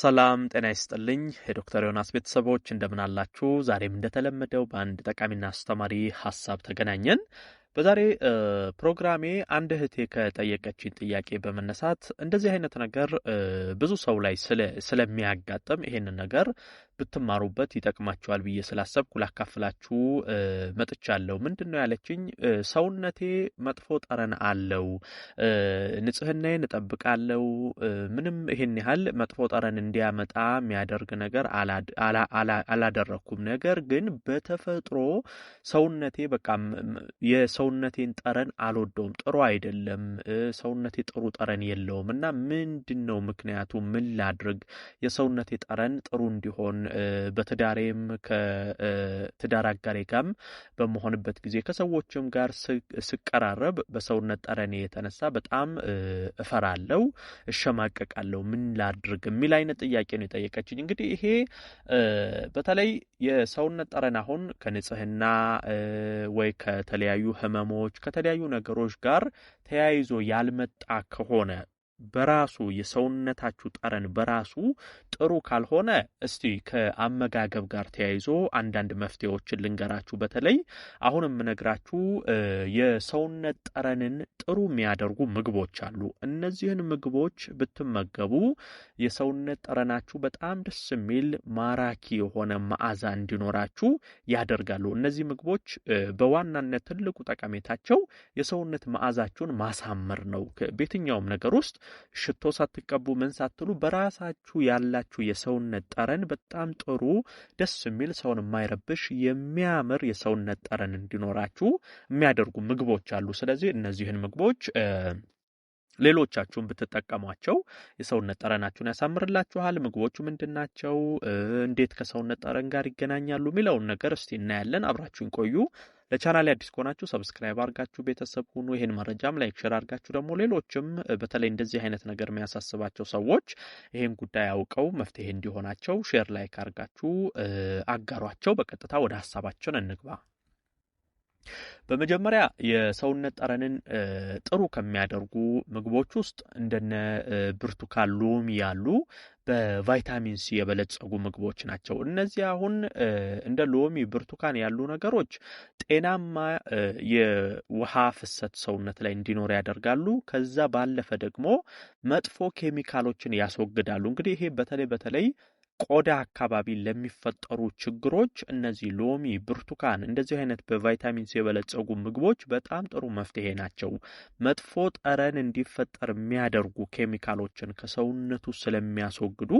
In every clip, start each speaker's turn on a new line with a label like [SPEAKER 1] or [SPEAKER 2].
[SPEAKER 1] ሰላም ጤና ይስጥልኝ የዶክተር ዮናስ ቤተሰቦች እንደምን አላችሁ? ዛሬም እንደተለመደው በአንድ ጠቃሚና አስተማሪ ሀሳብ ተገናኘን። በዛሬ ፕሮግራሜ አንድ እህቴ ከጠየቀችኝ ጥያቄ በመነሳት እንደዚህ አይነት ነገር ብዙ ሰው ላይ ስለሚያጋጥም ይሄንን ነገር ብትማሩበት ይጠቅማችኋል ብዬ ስላሰብኩ ላካፍላችሁ መጥቻለሁ። ምንድን ነው ያለችኝ? ሰውነቴ መጥፎ ጠረን አለው፣ ንጽህናዬን እጠብቃለሁ፣ ምንም ይህን ያህል መጥፎ ጠረን እንዲያመጣ የሚያደርግ ነገር አላደረግኩም። ነገር ግን በተፈጥሮ ሰውነቴ በቃ የሰውነቴን ጠረን አልወደውም፣ ጥሩ አይደለም፣ ሰውነቴ ጥሩ ጠረን የለውም እና ምንድን ነው ምክንያቱ? ምን ላድርግ የሰውነቴ ጠረን ጥሩ እንዲሆን በትዳሬም ከትዳር አጋሬ ጋርም በመሆንበት ጊዜ ከሰዎችም ጋር ስቀራረብ በሰውነት ጠረኔ የተነሳ በጣም እፈራለው፣ እሸማቀቃለው፣ ምን ላድርግ የሚል አይነት ጥያቄ ነው የጠየቀችኝ። እንግዲህ ይሄ በተለይ የሰውነት ጠረን አሁን ከንጽህና ወይ ከተለያዩ ህመሞች ከተለያዩ ነገሮች ጋር ተያይዞ ያልመጣ ከሆነ በራሱ የሰውነታችሁ ጠረን በራሱ ጥሩ ካልሆነ እስቲ ከአመጋገብ ጋር ተያይዞ አንዳንድ መፍትሄዎችን ልንገራችሁ። በተለይ አሁን የምነግራችሁ የሰውነት ጠረንን ጥሩ የሚያደርጉ ምግቦች አሉ። እነዚህን ምግቦች ብትመገቡ የሰውነት ጠረናችሁ በጣም ደስ የሚል ማራኪ የሆነ መዓዛ እንዲኖራችሁ ያደርጋሉ። እነዚህ ምግቦች በዋናነት ትልቁ ጠቀሜታቸው የሰውነት መዓዛችሁን ማሳመር ነው። በየትኛውም ነገር ውስጥ ሽቶ ሳትቀቡ ምን ሳትሉ በራሳችሁ ያላችሁ የሰውነት ጠረን በጣም ጥሩ ደስ የሚል ሰውን የማይረብሽ የሚያምር የሰውነት ጠረን እንዲኖራችሁ የሚያደርጉ ምግቦች አሉ። ስለዚህ እነዚህን ምግቦች ሌሎቻችሁን ብትጠቀሟቸው የሰውነት ጠረናችሁን ያሳምርላችኋል። ምግቦቹ ምንድናቸው? እንዴት ከሰውነት ጠረን ጋር ይገናኛሉ? የሚለውን ነገር እስቲ እናያለን። አብራችሁን ቆዩ። ለቻናል አዲስ ከሆናችሁ ሰብስክራይብ አርጋችሁ ቤተሰብ ሁኑ። ይህን መረጃም ላይክ ሸር አርጋችሁ ደግሞ ሌሎችም በተለይ እንደዚህ አይነት ነገር የሚያሳስባቸው ሰዎች ይህን ጉዳይ አውቀው መፍትሄ እንዲሆናቸው ሼር ላይክ አርጋችሁ አጋሯቸው። በቀጥታ ወደ ሀሳባችን እንግባ። በመጀመሪያ የሰውነት ጠረንን ጥሩ ከሚያደርጉ ምግቦች ውስጥ እንደነ ብርቱካን ሎሚ ያሉ በቫይታሚን ሲ የበለጸጉ ምግቦች ናቸው። እነዚህ አሁን እንደ ሎሚ፣ ብርቱካን ያሉ ነገሮች ጤናማ የውሃ ፍሰት ሰውነት ላይ እንዲኖር ያደርጋሉ። ከዛ ባለፈ ደግሞ መጥፎ ኬሚካሎችን ያስወግዳሉ። እንግዲህ ይሄ በተለይ በተለይ ቆዳ አካባቢ ለሚፈጠሩ ችግሮች እነዚህ ሎሚ፣ ብርቱካን እንደዚህ አይነት በቫይታሚን ሲ የበለጸጉ ምግቦች በጣም ጥሩ መፍትሄ ናቸው። መጥፎ ጠረን እንዲፈጠር የሚያደርጉ ኬሚካሎችን ከሰውነቱ ስለሚያስወግዱ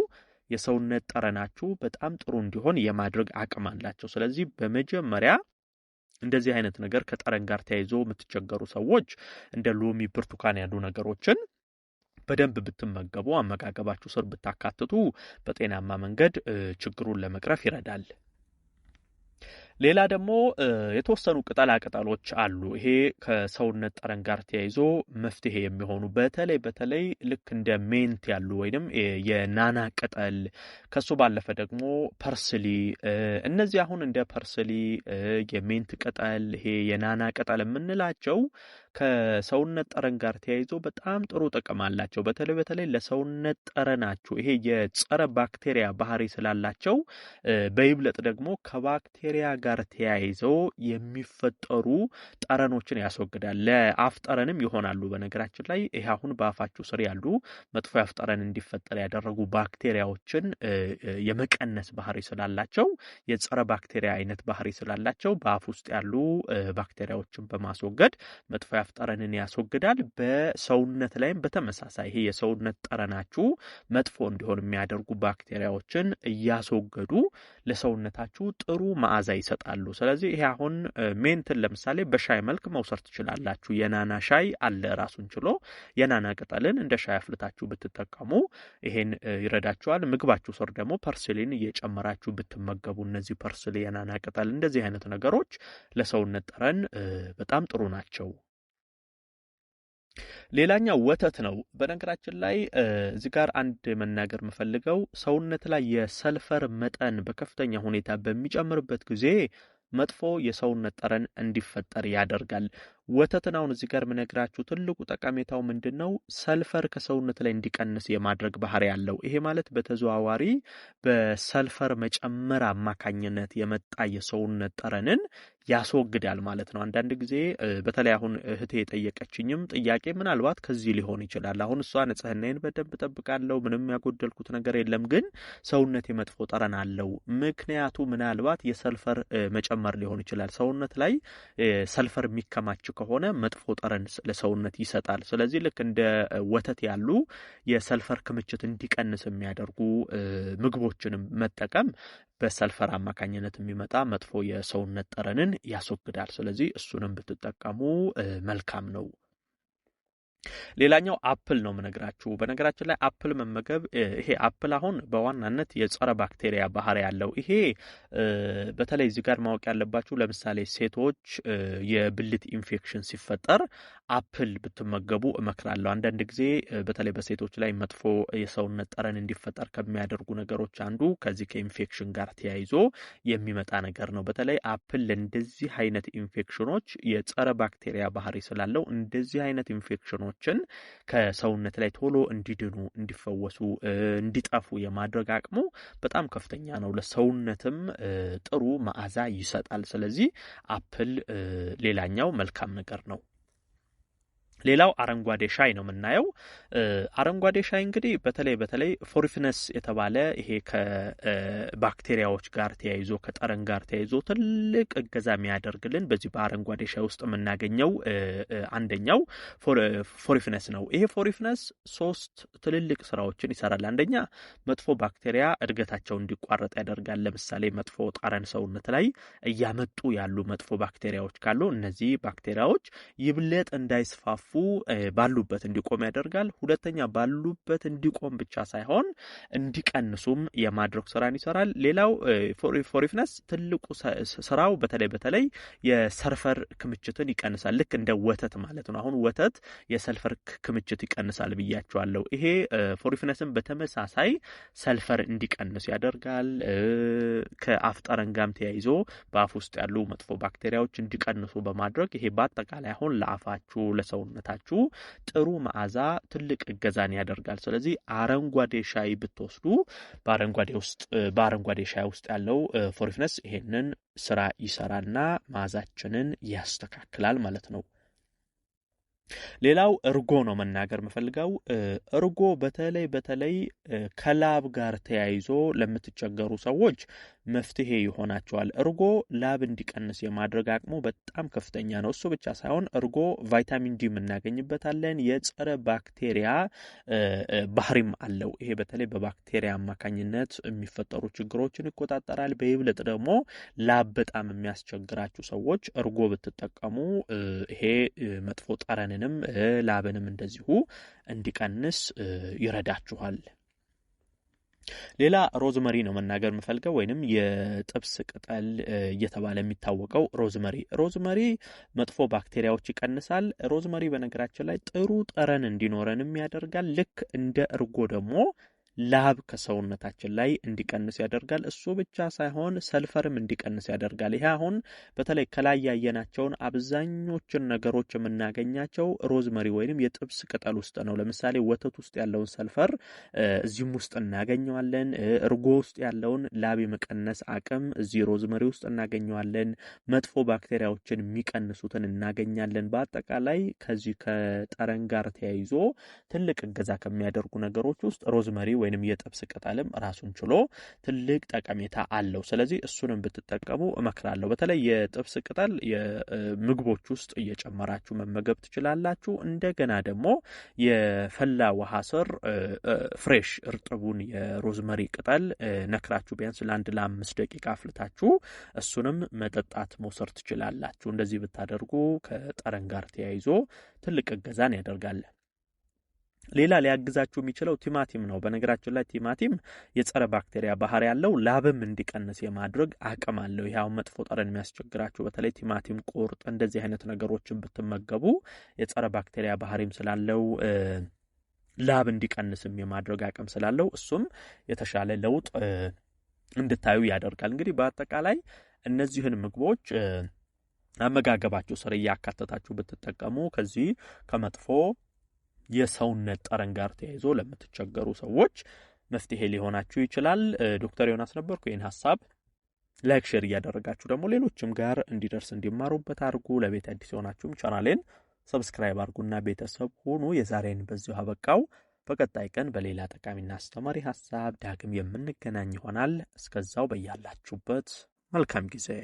[SPEAKER 1] የሰውነት ጠረናችሁ በጣም ጥሩ እንዲሆን የማድረግ አቅም አላቸው። ስለዚህ በመጀመሪያ እንደዚህ አይነት ነገር ከጠረን ጋር ተያይዞ የምትቸገሩ ሰዎች እንደ ሎሚ፣ ብርቱካን ያሉ ነገሮችን በደንብ ብትመገቡ፣ አመጋገባችሁ ስር ብታካትቱ በጤናማ መንገድ ችግሩን ለመቅረፍ ይረዳል። ሌላ ደግሞ የተወሰኑ ቅጠላ ቅጠሎች አሉ። ይሄ ከሰውነት ጠረን ጋር ተያይዞ መፍትሄ የሚሆኑ በተለይ በተለይ ልክ እንደ ሜንት ያሉ ወይንም የናና ቅጠል ከሱ ባለፈ ደግሞ ፐርስሊ፣ እነዚህ አሁን እንደ ፐርስሊ፣ የሜንት ቅጠል፣ ይሄ የናና ቅጠል የምንላቸው ከሰውነት ጠረን ጋር ተያይዞ በጣም ጥሩ ጥቅም አላቸው። በተለይ በተለይ ለሰውነት ጠረናችሁ ይሄ የጸረ ባክቴሪያ ባህሪ ስላላቸው በይብለጥ ደግሞ ከባክቴሪያ ጋር ተያይዘው የሚፈጠሩ ጠረኖችን ያስወግዳል። ለአፍ ጠረንም ይሆናሉ። በነገራችን ላይ ይሄ አሁን በአፋችሁ ስር ያሉ መጥፎ የአፍ ጠረን እንዲፈጠር ያደረጉ ባክቴሪያዎችን የመቀነስ ባህሪ ስላላቸው የጸረ ባክቴሪያ አይነት ባህሪ ስላላቸው በአፍ ውስጥ ያሉ ባክቴሪያዎችን በማስወገድ መጥፎ የመዳፍ ጠረንን ያስወግዳል። በሰውነት ላይም በተመሳሳይ ይሄ የሰውነት ጠረናችሁ መጥፎ እንዲሆን የሚያደርጉ ባክቴሪያዎችን እያስወገዱ ለሰውነታችሁ ጥሩ መዓዛ ይሰጣሉ። ስለዚህ ይሄ አሁን ሜንትን ለምሳሌ በሻይ መልክ መውሰድ ትችላላችሁ። የናና ሻይ አለ ራሱን ችሎ የናና ቅጠልን እንደ ሻይ አፍልታችሁ ብትጠቀሙ ይሄን ይረዳችኋል። ምግባችሁ ስር ደግሞ ፐርስሊን እየጨመራችሁ ብትመገቡ እነዚህ ፐርስሊ፣ የናና ቅጠል እንደዚህ አይነት ነገሮች ለሰውነት ጠረን በጣም ጥሩ ናቸው። ሌላኛው ወተት ነው። በነገራችን ላይ እዚህ ጋር አንድ መናገር የምፈልገው ሰውነት ላይ የሰልፈር መጠን በከፍተኛ ሁኔታ በሚጨምርበት ጊዜ መጥፎ የሰውነት ጠረን እንዲፈጠር ያደርጋል። ወተትን አሁን እዚህ ጋር የምነግራችሁ ትልቁ ጠቀሜታው ምንድን ነው? ሰልፈር ከሰውነት ላይ እንዲቀንስ የማድረግ ባህሪ ያለው ይሄ ማለት በተዘዋዋሪ በሰልፈር መጨመር አማካኝነት የመጣ የሰውነት ጠረንን ያስወግዳል ማለት ነው። አንዳንድ ጊዜ በተለይ አሁን እህቴ የጠየቀችኝም ጥያቄ ምናልባት ከዚህ ሊሆን ይችላል። አሁን እሷ ንጽህናዬን በደንብ ጠብቃለሁ፣ ምንም ያጎደልኩት ነገር የለም፣ ግን ሰውነት የመጥፎ ጠረን አለው። ምክንያቱ ምናልባት የሰልፈር መጨመር ሊሆን ይችላል። ሰውነት ላይ ሰልፈር የሚከማቸው። ከሆነ መጥፎ ጠረን ለሰውነት ይሰጣል። ስለዚህ ልክ እንደ ወተት ያሉ የሰልፈር ክምችት እንዲቀንስ የሚያደርጉ ምግቦችንም መጠቀም በሰልፈር አማካኝነት የሚመጣ መጥፎ የሰውነት ጠረንን ያስወግዳል። ስለዚህ እሱንም ብትጠቀሙ መልካም ነው። ሌላኛው አፕል ነው ምነግራችሁ። በነገራችን ላይ አፕል መመገብ ይሄ አፕል አሁን በዋናነት የጸረ ባክቴሪያ ባህሪ ያለው ይሄ በተለይ እዚህ ጋር ማወቅ ያለባችሁ ለምሳሌ ሴቶች የብልት ኢንፌክሽን ሲፈጠር አፕል ብትመገቡ እመክራለሁ። አንዳንድ ጊዜ በተለይ በሴቶች ላይ መጥፎ የሰውነት ጠረን እንዲፈጠር ከሚያደርጉ ነገሮች አንዱ ከዚህ ከኢንፌክሽን ጋር ተያይዞ የሚመጣ ነገር ነው። በተለይ አፕል ለእንደዚህ አይነት ኢንፌክሽኖች የጸረ ባክቴሪያ ባህሪ ስላለው እንደዚህ አይነት ኢንፌክሽኖ ሸይጣኖችን ከሰውነት ላይ ቶሎ እንዲድኑ፣ እንዲፈወሱ፣ እንዲጠፉ የማድረግ አቅሙ በጣም ከፍተኛ ነው። ለሰውነትም ጥሩ መዓዛ ይሰጣል። ስለዚህ አፕል ሌላኛው መልካም ነገር ነው። ሌላው አረንጓዴ ሻይ ነው የምናየው። አረንጓዴ ሻይ እንግዲህ በተለይ በተለይ ፎሪፍነስ የተባለ ይሄ ከባክቴሪያዎች ጋር ተያይዞ ከጠረን ጋር ተያይዞ ትልቅ እገዛ የሚያደርግልን በዚህ በአረንጓዴ ሻይ ውስጥ የምናገኘው አንደኛው ፎሪፍነስ ነው። ይሄ ፎሪፍነስ ሶስት ትልልቅ ስራዎችን ይሰራል። አንደኛ መጥፎ ባክቴሪያ እድገታቸው እንዲቋረጥ ያደርጋል። ለምሳሌ መጥፎ ጠረን ሰውነት ላይ እያመጡ ያሉ መጥፎ ባክቴሪያዎች ካሉ እነዚህ ባክቴሪያዎች ይብለጥ እንዳይስፋፉ እየገፉ ባሉበት እንዲቆም ያደርጋል። ሁለተኛ ባሉበት እንዲቆም ብቻ ሳይሆን እንዲቀንሱም የማድረግ ስራን ይሰራል። ሌላው ፎሪፍነስ ትልቁ ስራው በተለይ በተለይ የሰልፈር ክምችትን ይቀንሳል። ልክ እንደ ወተት ማለት ነው። አሁን ወተት የሰልፈር ክምችት ይቀንሳል ብያቸዋለሁ። ይሄ ፎሪፍነስን በተመሳሳይ ሰልፈር እንዲቀንስ ያደርጋል። ከአፍ ጠረን ተያይዞ በአፍ ውስጥ ያሉ መጥፎ ባክቴሪያዎች እንዲቀንሱ በማድረግ ይሄ በአጠቃላይ አሁን ለአፋችሁ ለሰውነ ለሰውነታችሁ ጥሩ መዓዛ ትልቅ እገዛን ያደርጋል። ስለዚህ አረንጓዴ ሻይ ብትወስዱ በአረንጓዴ ውስጥ በአረንጓዴ ሻይ ውስጥ ያለው ፎሪፍነስ ይሄንን ስራ ይሰራና መዓዛችንን ያስተካክላል ማለት ነው። ሌላው እርጎ ነው መናገር የምፈልገው። እርጎ በተለይ በተለይ ከላብ ጋር ተያይዞ ለምትቸገሩ ሰዎች መፍትሄ ይሆናቸዋል። እርጎ ላብ እንዲቀንስ የማድረግ አቅሙ በጣም ከፍተኛ ነው። እሱ ብቻ ሳይሆን እርጎ ቫይታሚን ዲ እናገኝበታለን። የጸረ ባክቴሪያ ባህሪም አለው። ይሄ በተለይ በባክቴሪያ አማካኝነት የሚፈጠሩ ችግሮችን ይቆጣጠራል። በይብለጥ ደግሞ ላብ በጣም የሚያስቸግራችሁ ሰዎች እርጎ ብትጠቀሙ ይሄ መጥፎ ጠረንንም ላብንም እንደዚሁ እንዲቀንስ ይረዳችኋል። ሌላ ሮዝመሪ ነው መናገር የምፈልገው ወይንም የጥብስ ቅጠል እየተባለ የሚታወቀው ሮዝመሪ። ሮዝመሪ መጥፎ ባክቴሪያዎች ይቀንሳል። ሮዝመሪ በነገራችን ላይ ጥሩ ጠረን እንዲኖረንም ያደርጋል። ልክ እንደ እርጎ ደግሞ ላብ ከሰውነታችን ላይ እንዲቀንስ ያደርጋል። እሱ ብቻ ሳይሆን ሰልፈርም እንዲቀንስ ያደርጋል። ይሄ አሁን በተለይ ከላይ ያየናቸውን አብዛኞችን ነገሮች የምናገኛቸው ሮዝመሪ ወይንም የጥብስ ቅጠል ውስጥ ነው። ለምሳሌ ወተት ውስጥ ያለውን ሰልፈር እዚህም ውስጥ እናገኘዋለን። እርጎ ውስጥ ያለውን ላብ የመቀነስ አቅም እዚህ ሮዝመሪ ውስጥ እናገኘዋለን። መጥፎ ባክቴሪያዎችን የሚቀንሱትን እናገኛለን። በአጠቃላይ ከዚህ ከጠረን ጋር ተያይዞ ትልቅ እገዛ ከሚያደርጉ ነገሮች ውስጥ ሮዝመሪ ወይንም የጥብስ ቅጠልም ራሱን ችሎ ትልቅ ጠቀሜታ አለው። ስለዚህ እሱንም ብትጠቀሙ እመክራለሁ። በተለይ የጥብስ ቅጠል ምግቦች ውስጥ እየጨመራችሁ መመገብ ትችላላችሁ። እንደገና ደግሞ የፈላ ውሃ ስር ፍሬሽ እርጥቡን የሮዝመሪ ቅጠል ነክራችሁ ቢያንስ ለአንድ ለአምስት ደቂቃ አፍልታችሁ እሱንም መጠጣት መውሰድ ትችላላችሁ። እንደዚህ ብታደርጉ ከጠረን ጋር ተያይዞ ትልቅ እገዛን ያደርጋለን። ሌላ ሊያግዛችሁ የሚችለው ቲማቲም ነው። በነገራችን ላይ ቲማቲም የጸረ ባክቴሪያ ባህሪ ያለው ላብም እንዲቀንስ የማድረግ አቅም አለው። ይኸው መጥፎ ጠረን የሚያስቸግራችሁ በተለይ ቲማቲም፣ ቁርጥ እንደዚህ አይነት ነገሮችን ብትመገቡ የጸረ ባክቴሪያ ባህሪም ስላለው ላብ እንዲቀንስም የማድረግ አቅም ስላለው እሱም የተሻለ ለውጥ እንድታዩ ያደርጋል። እንግዲህ በአጠቃላይ እነዚህን ምግቦች አመጋገባችሁ ስር እያካተታችሁ ብትጠቀሙ ከዚህ ከመጥፎ የሰውነት ጠረን ጋር ተያይዞ ለምትቸገሩ ሰዎች መፍትሄ ሊሆናችሁ ይችላል። ዶክተር ዮናስ ነበርኩ። ይህን ሀሳብ ላይክ፣ ሼር እያደረጋችሁ ደግሞ ሌሎችም ጋር እንዲደርስ እንዲማሩበት አድርጉ። ለቤት አዲስ የሆናችሁም ቻናሌን ሰብስክራይብ አድርጉና ቤተሰብ ሆኑ የዛሬን በዚሁ አበቃው። በቀጣይ ቀን በሌላ ጠቃሚና አስተማሪ ሀሳብ ዳግም የምንገናኝ ይሆናል። እስከዛው በያላችሁበት መልካም ጊዜ